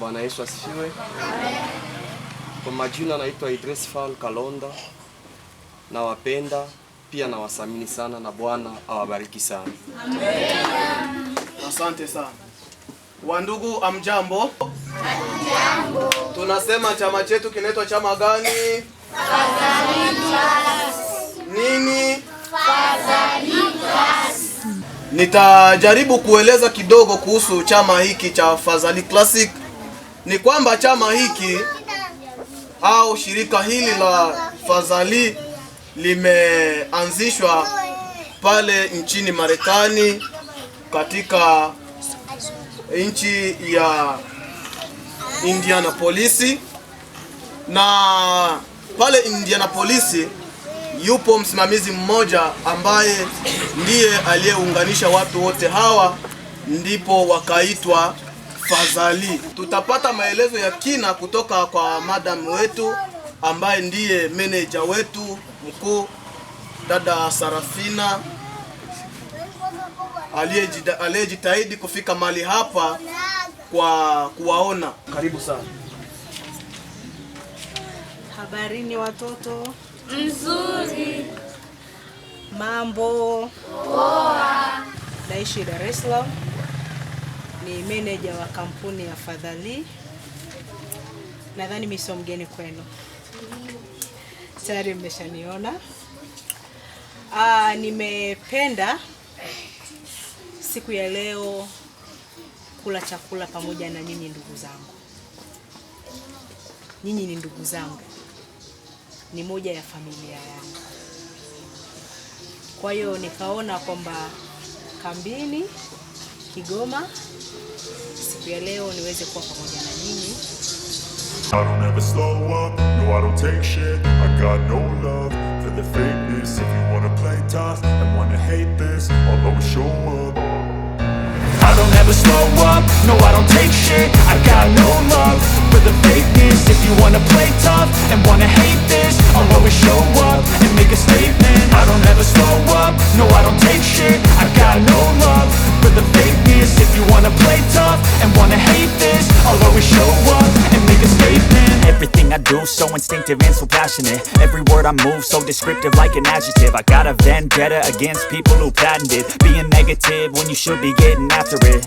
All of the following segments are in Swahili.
Bwana Yesu asifiwe. Kwa majina naitwa Idris Fal Kalonda, nawapenda pia nawasamini sana na Bwana awabariki sana. Amen. Asante sana wandugu, amjambo. Amjambo. Tunasema chama chetu kinaitwa chama gani? Nini? Nitajaribu kueleza kidogo kuhusu chama hiki cha Fazali Classic ni kwamba chama hiki au shirika hili la Fadhali limeanzishwa pale nchini Marekani katika nchi ya Indianapolisi, na pale Indianapolisi yupo msimamizi mmoja ambaye ndiye aliyeunganisha watu wote hawa, ndipo wakaitwa tafadhali. Tutapata maelezo ya kina kutoka kwa madamu wetu ambaye ndiye meneja wetu mkuu, dada Sarafina aliyejitahidi kufika mali hapa kwa kuwaona. Karibu sana. Habarini watoto? Nzuri. Mambo poa. Naishi Dar es Salaam ni meneja wa kampuni ya Fadhali. Nadhani mimi sio mgeni kwenu, tayari mmeshaniona. Ah, nimependa siku ya leo kula chakula pamoja na nyinyi ndugu zangu. Nyinyi ni ndugu zangu, ni moja ya familia yangu. Kwa hiyo nikaona kwamba kambini Kigoma siku ya leo niweze kuwa pamoja na nyinyi. I don't ever slow up, no I don't take shit. I got no love for the fakeness. If you wanna play tough and wanna hate this, I'll always show up. I don't ever slow up, no I don't take shit. I got no love for the fakeness. If you wanna play tough and wanna hate this, I'll always show up and make a statement. I don't ever slow up, no I don't take shit. I got no love for the fakeness If you wanna play tough and wanna hate this I'll always show up and make a statement Everything I do so instinctive and so passionate Every word I move so descriptive like an adjective I got a vendetta against people who patented Being negative when you should be getting after it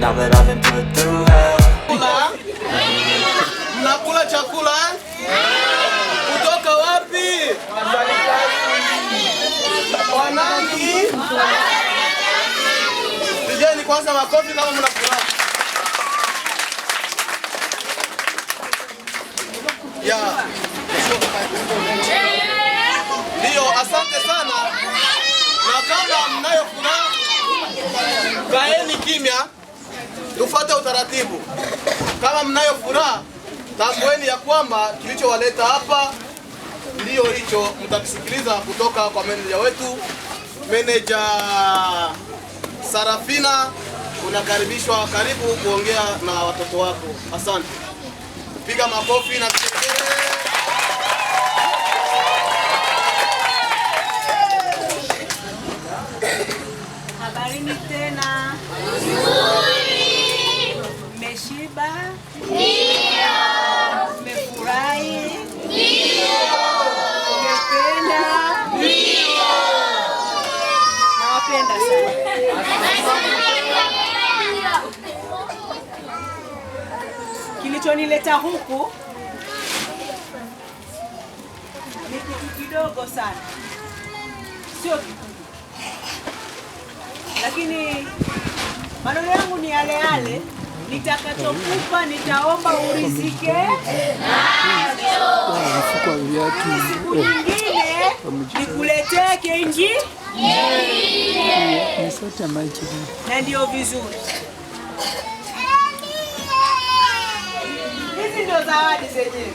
Now that I've been put through hell Mnakula chakula kutoka wapi? Wanangi, pigeni kwanza makofi kama mnafurahi. Yeah. Ndio, asante sana. kufuata utaratibu. Kama mnayo furaha, tambueni ya kwamba kilichowaleta hapa ndiyo hicho. Mtakisikiliza kutoka kwa meneja wetu, meneja Sarafina. Unakaribishwa, karibu kuongea na watoto wako. Asante, piga makofi na vigelegele. Habarini tena. Mmeshiba? Ndio. Mmefurahi? Ndio. Mmependa? Ndio. Nawapenda sana. Kilichonileta huku ni kitu kidogo sana, sio kikubwa, lakini maneno yangu ni yale yale nitakachokupa nitaomba urizike siku nyingine nikuletee na ndio vizuri. Hizi ndio zawadi zenyewe,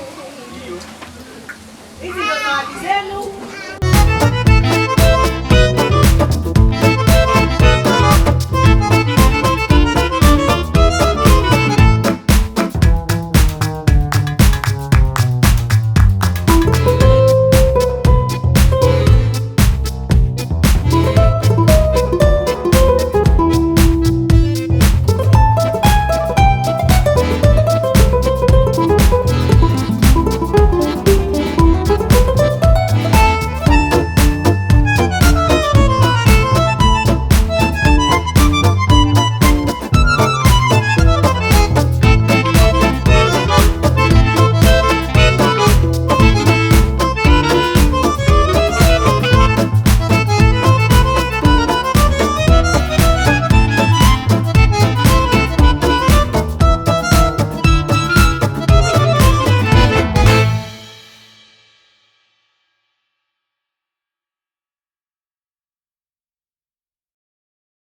hizi ndio zawadi zenu.